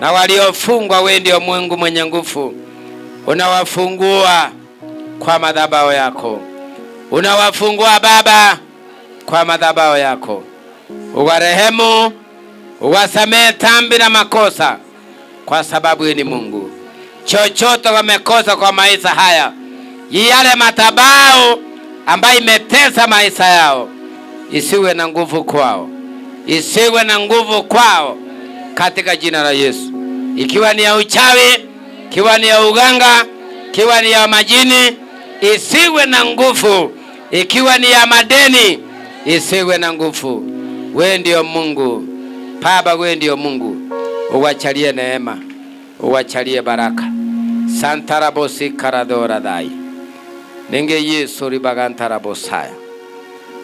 na waliofungwa, wewe ndio Mungu mwenye nguvu, unawafungua kwa madhabahu yako, unawafungua Baba kwa madhabahu yako, uwarehemu, uwasamehe dhambi na makosa, kwa sababu ni Mungu. Chochote wamekosa kwa maisha haya, yale madhabahu ambayo imetesa maisha yao, isiwe na nguvu kwao, isiwe na nguvu kwao katika jina la Yesu, ikiwa ni ya uchawi, ikiwa ni ya uganga, ikiwa ni ya majini isiwe na nguvu, ikiwa ni ya madeni isiwe na nguvu. We ndio Mungu Baba, we ndio Mungu, uwachalie neema, uwachalie baraka santarabosi karadoradai ninge Yesu ribagantarabosaya.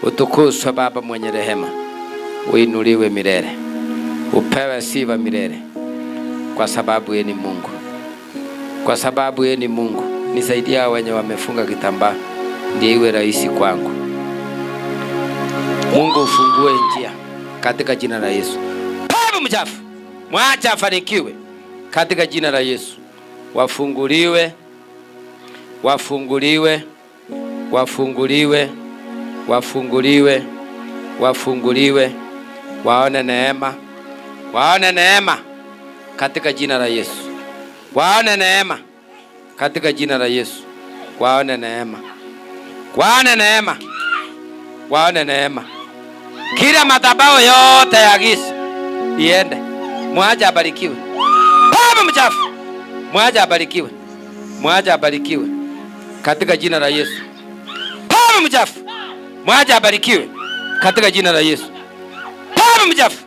Utukuzwe Baba mwenye rehema, uinuliwe milele upewe sifa milele, kwa sababu yeye ni Mungu, kwa sababu yeye ni Mungu. Nisaidie hao wenye wamefunga kitambaa, ndiye iwe rahisi kwangu. Mungu ufungue njia katika jina la Yesu. Pepo mchafu mwacha afanikiwe katika jina la Yesu. Wafunguliwe, wafunguliwe, wafunguliwe, wafunguliwe, wafunguliwe, waone neema waone neema katika jina la Yesu, waone neema katika jina la Yesu, waone neema, waone neema, waone neema. Kila madhabahu yote ya giza iende, mwaje abarikiwe. Baba mchafu, mwaje abarikiwe, mwaje abarikiwe katika jina la Yesu. Baba mchafu, mwaje abarikiwe katika jina la Yesu. Baba mchafu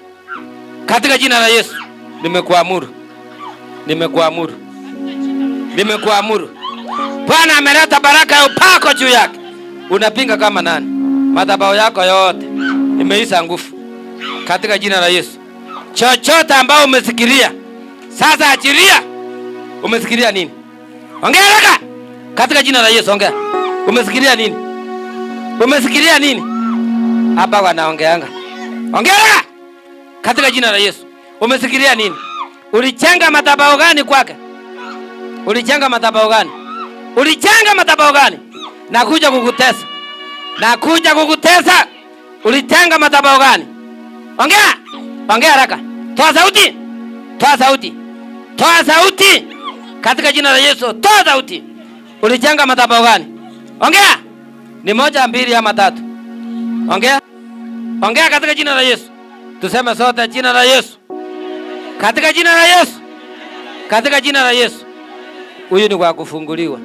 katika jina la Yesu nimekuamuru, nimekuamuru, nimekuamuru. Bwana ameleta baraka ya upako juu yake. Unapinga kama nani? Madhabahu yako yote imeisha nguvu katika jina la Yesu. Chochote ambao umesikiria sasa, achilia. Umesikiria nini? Ongea haraka katika jina la Yesu. Ongea, umesikiria nini? Umesikiria nini? Hapa wanaongeanga. Ongea haraka katika jina la Yesu. Umesikilia nini? Ulichanga madhabahu gani kwake? Ulichanga madhabahu gani? Ulichanga madhabahu gani? Nakuja kukutesa. Nakuja kukutesa. Ulichanga madhabahu gani? Ongea. Ongea haraka. Toa sauti. Toa sauti. Toa sauti. Katika jina la Yesu, toa sauti. Ulichanga madhabahu gani? Ongea. Ni moja, mbili ama tatu. Ongea. Ongea katika jina la Yesu. Tuseme sote jina la Yesu, katika jina la Yesu, katika jina la Yesu. Huyu ni kwa kufunguliwa,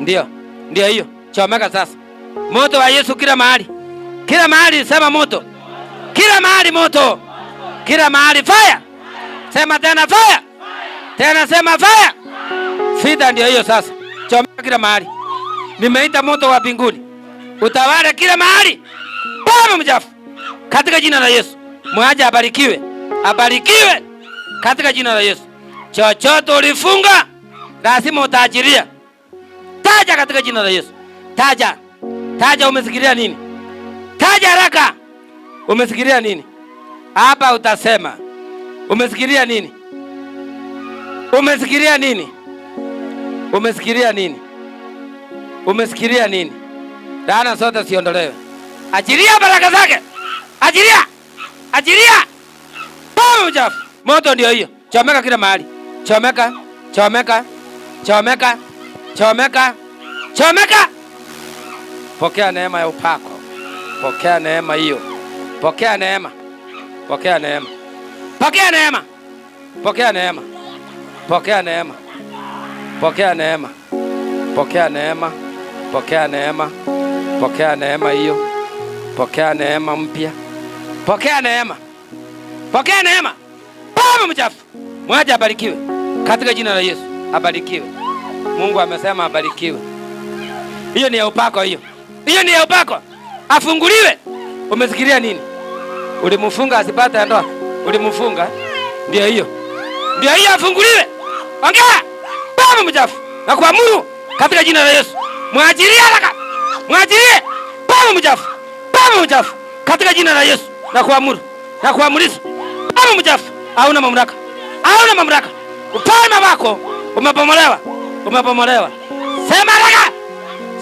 ndio ndio hiyo. Chomeka sasa moto wa Yesu kila mahali, kila mahali. Sema moto, kila mahali moto, kila mahali fire. Sema tena fire, tena sema fire. Fida ndio hiyo sasa. Chomeka kila mahali, nimeita moto wa mbinguni utawale kila mahali. Baba mjafu, katika jina la Yesu. Mwaja abarikiwe, abarikiwe katika jina la Yesu. Chochote ulifunga lazima utaajiria. Taja katika jina la Yesu, taja, taja. Umesikilia nini? Taja haraka. Umesikilia nini? Hapa utasema umesikilia nini? Umesikilia nini? umesikiria nini? umesikiria nini? Laana zote siondolewe. Ajiria baraka zake, ajiria. Ajiria. Pombe mchafu. Moto ndio hiyo. Chomeka kila mahali. Chomeka, chomeka, chomeka, chomeka, chomeka. Pokea neema ya upako. Pokea neema hiyo. Pokea neema. Pokea neema. Pokea neema. Pokea neema. Pokea neema. Pokea neema. Pokea neema. Pokea neema. Pokea neema hiyo. Pokea neema mpya. Pokea neema, pokea neema. Baba mchafu mwaje, abarikiwe katika jina la Yesu, abarikiwe. Mungu amesema abarikiwe. Hiyo ni ya upako, hiyo hiyo ni ya upako. Afunguliwe. umezikiria nini? Ulimfunga asipate ndoa, ulimfunga. Ndio hiyo, ndio hiyo, afunguliwe. Ongea baba mchafu, nakuamuru katika jina la Yesu, mwajilie haraka, mwajilie baba mchafu, baba mchafu katika jina la Yesu na kuamuru na kuamrisha kama mjafu. Hauna mamlaka, hauna mamlaka. Ufalme wako umebomolewa, umebomolewa. Sema raka,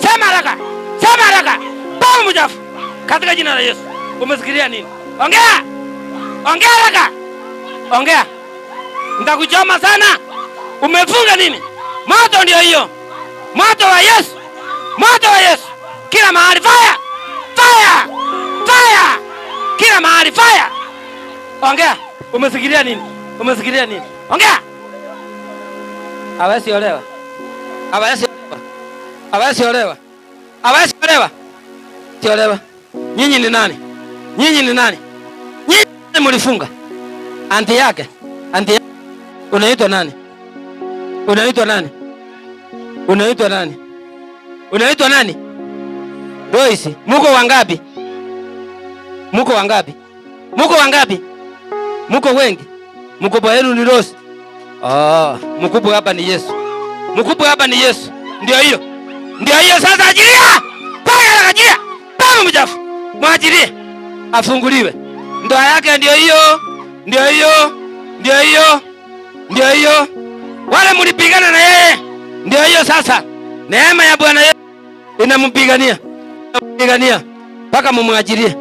sema raka, sema raka, Kama mjafu katika jina la Yesu. Umesikilia nini? Ongea, ongea raka, ongea. Nitakuchoma sana. Umefunga nini? Moto ndio hiyo, moto wa Yesu, moto wa Yesu kila mahali, fire, fire kila mahali fire. Ongea. Umesikilia nini? Umesikilia nini? Ongea. Hawezi olewa. Hawezi olewa. Hawezi olewa. Hawezi olewa. Olewa. Nyinyi ni nani? Nyinyi ni nani? Nyinyi mlifunga. Anti yake. Anti yake. Unaitwa nani? Unaitwa nani? Unaitwa nani? Unaitwa nani? Boys, muko wangapi? Muko wangapi? Muko wangapi? Muko wengi? Mkubwa wenu ni Rose. Ah, mkubwa hapa ni Yesu. Mkubwa hapa ni Yesu. Ndio hiyo. Ndio hiyo sasa ajiria. Paya ajiria. Paya mjafu. Mwajirie. Afunguliwe. Ndoa yake ndio hiyo. Ndio hiyo. Ndio hiyo. Ndio hiyo. Wale mlipigana na yeye. Ndio hiyo sasa. Neema ya Bwana Yesu inampigania. Inampigania. Paka mumwajirie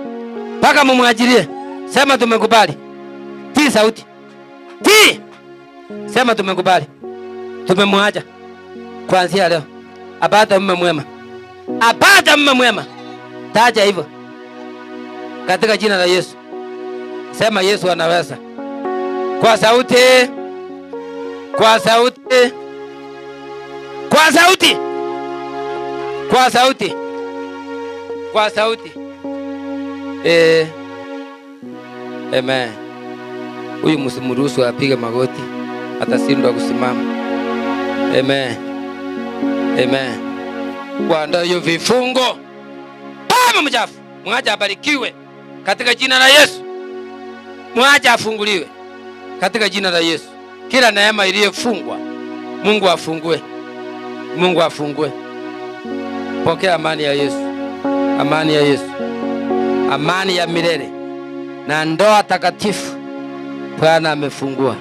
mpaka mumwajilie. Sema tumekubali. ti sauti. ti Sema tumekubali. tumemwaja Kuanzia leo apata mume mwema, apata mume mwema. Taja hivyo katika jina la Yesu. Sema Yesu anaweza, kwa sauti, kwa sauti, kwa sauti, kwa sauti, kwa sauti. Eh. Amen. Huyu msimruhusu apige magoti, atashindwa kusimama. Amen. Amen. Wanda hiyo vifungo. Kama mchafu, mwaje abarikiwe katika jina la Yesu. Mwaje afunguliwe katika jina la Yesu. Kila neema iliyofungwa, Mungu afungue. Mungu afungue. Pokea amani ya Yesu. Amani ya Yesu amani ya milele na ndoa takatifu. Bwana amefungua,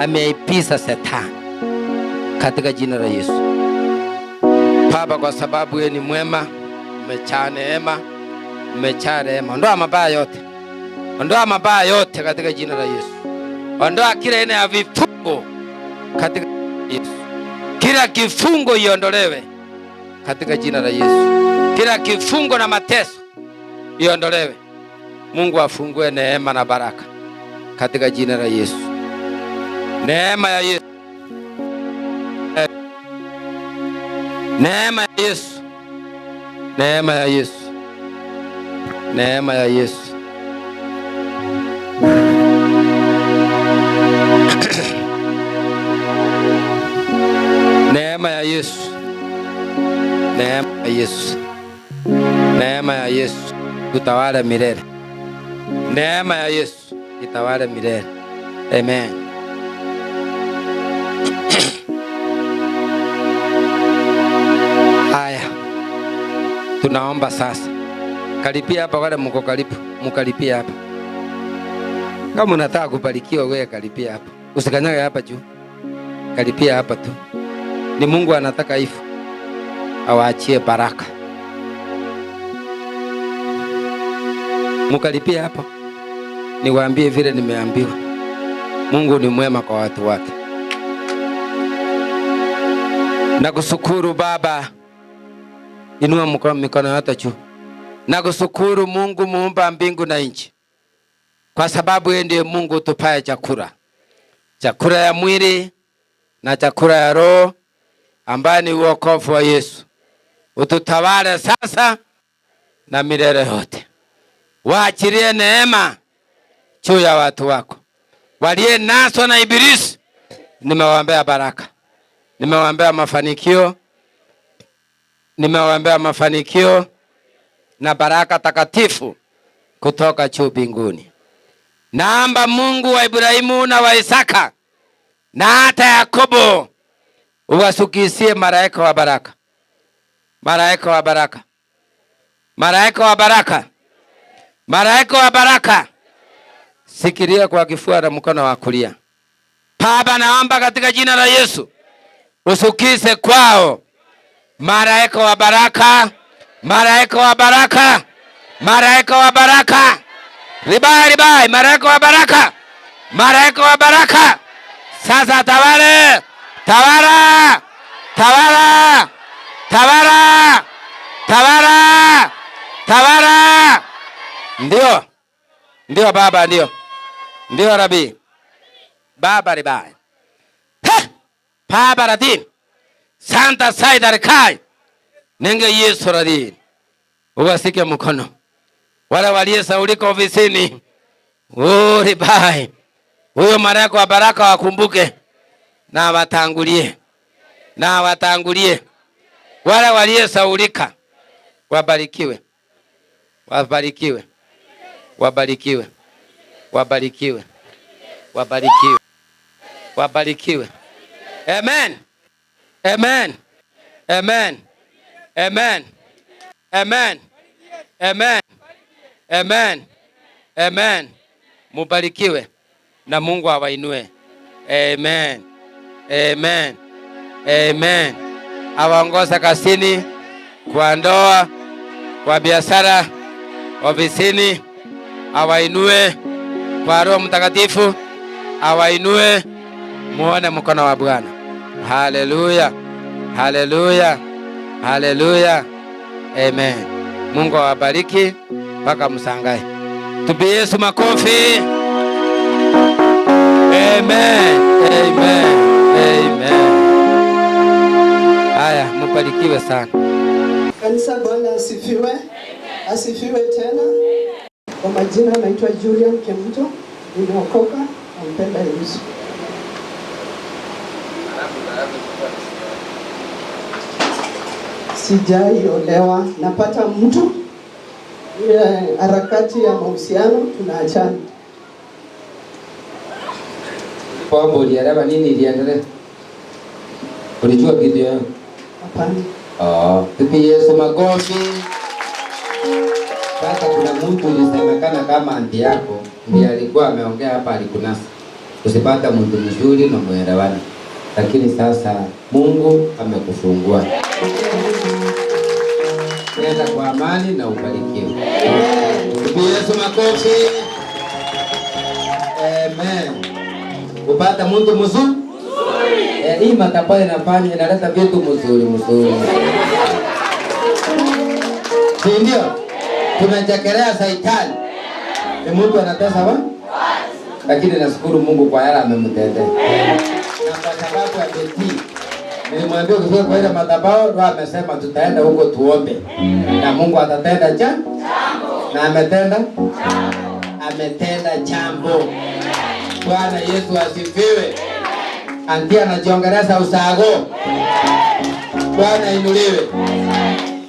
ameipisa Shetani katika jina la Yesu. Baba, kwa sababu yeye ni mwema, umejaa neema, umejaa rehema, ondoa mabaya yote, ondoa mabaya yote katika jina la Yesu. Ondoa kila aina ya vifungo katika Yesu, kila kifungo iondolewe katika jina la Yesu, kila kifungo na mateso iondolewe. Mungu afungue neema na baraka katika jina la Yesu. Neema ya Yesu, neema ya Yesu, neema ya Yesu, neema ya Yesu. Neema ya Yesu, neema ya Yesu, neema ya Yesu tutawale milele. Neema ya Yesu itawale milele. Amen. Haya, tunaomba sasa, karipia hapa, wale mko karibu, mkaripia hapa. Kama unataka kubarikiwa wewe, karipia hapa, usikanyage hapa juu, karipia hapa tu. Ni Mungu anataka hivyo, awaachie baraka. mukalipia hapa niwaambie vile nimeambiwa. Mungu ni mwema kwa watu wake. Nakushukuru Baba, inua mikono yote juu. Nakushukuru Mungu muumba mbingu na nchi, kwa sababu yeye ndiye Mungu utupaye chakula, chakula ya mwili na chakula ya roho, ambaye ni uokovu wa Yesu. Ututawale sasa na milele yote waachilie neema juu ya watu wako walie naswa na Ibilisi. Nimewaombea baraka, nimewaombea mafanikio, nimewaombea mafanikio na baraka takatifu kutoka juu binguni naamba Mungu wa Ibrahimu na wa Isaka na hata Yakobo uwasukisie malaika wa baraka, malaika wa baraka, malaika wa baraka Malaika wa baraka, sikiria kwa kifua na mkono wa kulia. Baba, naomba katika jina la Yesu usukise kwao malaika wa baraka, malaika wa baraka, malaika wa baraka, ribai ribai, malaika wa baraka, malaika wa baraka. Sasa tawale, tawala, tawala, tawala, tawala, tawala ndio, ndio baba, ndio, ndio rabi baba ribai baba radin santa saidar kai nenge Yesu radin uwasike mkono wale waliyesauliko ofisini uribai huyo malaika wa baraka wakumbuke na watangulie na watangulie wale saulika wabarikiwe wabarikiwe Wabarikiwe, wabarikiwe, wabarikiwe, wabarikiwe. Amen, amen, amen, amen, amen, amen, amen, amen. Mubarikiwe na Mungu awainue. Amen, amen, amen. Awaongoza kasini, kwa ndoa, kwa biashara, ofisini awainue kwa Roho Mtakatifu, awainue muone mkono wa Bwana. Haleluya, haleluya, haleluya, amen. Mungu awabariki mpaka msangae. Tupie Yesu makofi. Amen, amen, amen. Haya, mbarikiwe sana. Kanisa, Bwana asifiwe, asifiwe tena. Kwa majina naitwa Julian Kemuto, nimeokoka mpenda Yesu. Sijaiolewa, napata mtu ile harakati ya mahusiano tunaachana. Kwamba ulielewa nini iliendelea? Ulijua kitu yao? Hapana. Ah, oh, pipi Yesu makofi. Sasa kuna mtu alisemekana kama anti yako ndiye alikuwa ameongea hapa, alikunasa usipata mtu mzuri na mwelewana, lakini sasa Mungu amekufungua nenda kwa amani na ubarikiwe. Yesu makofi. Amen. Upata mtu mzuri hii eh, matapa inafanya inaleta vitu mzuri mzuri, si ndio? tunachekelea saitani ni mtu anatesa wa lakini nashukuru Mungu kwa yale amemtetea, na kwa sababu ametii. Nilimwambia ukifika kwa ile madhabahu, ndio amesema tutaenda huko tuombe mm. na Mungu atatenda jambo, na ametenda ametenda jambo. Bwana Yesu asifiwe. Antia jiongereza usago. Bwana inuliwe.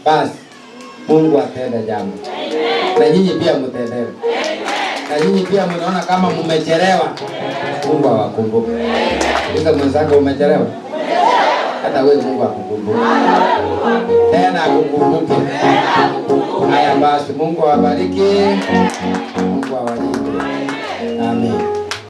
Basi. Mungu atende jambo na nyinyi pia mtendewe, na nyinyi pia mnaona kama mmechelewa, Mungu awakumbuke. Ika mwenzako umechelewa, hata wewe Mungu akukumbuke, tena akukumbuke. Haya basi, Mungu awabariki, Mungu awalinde. Amen.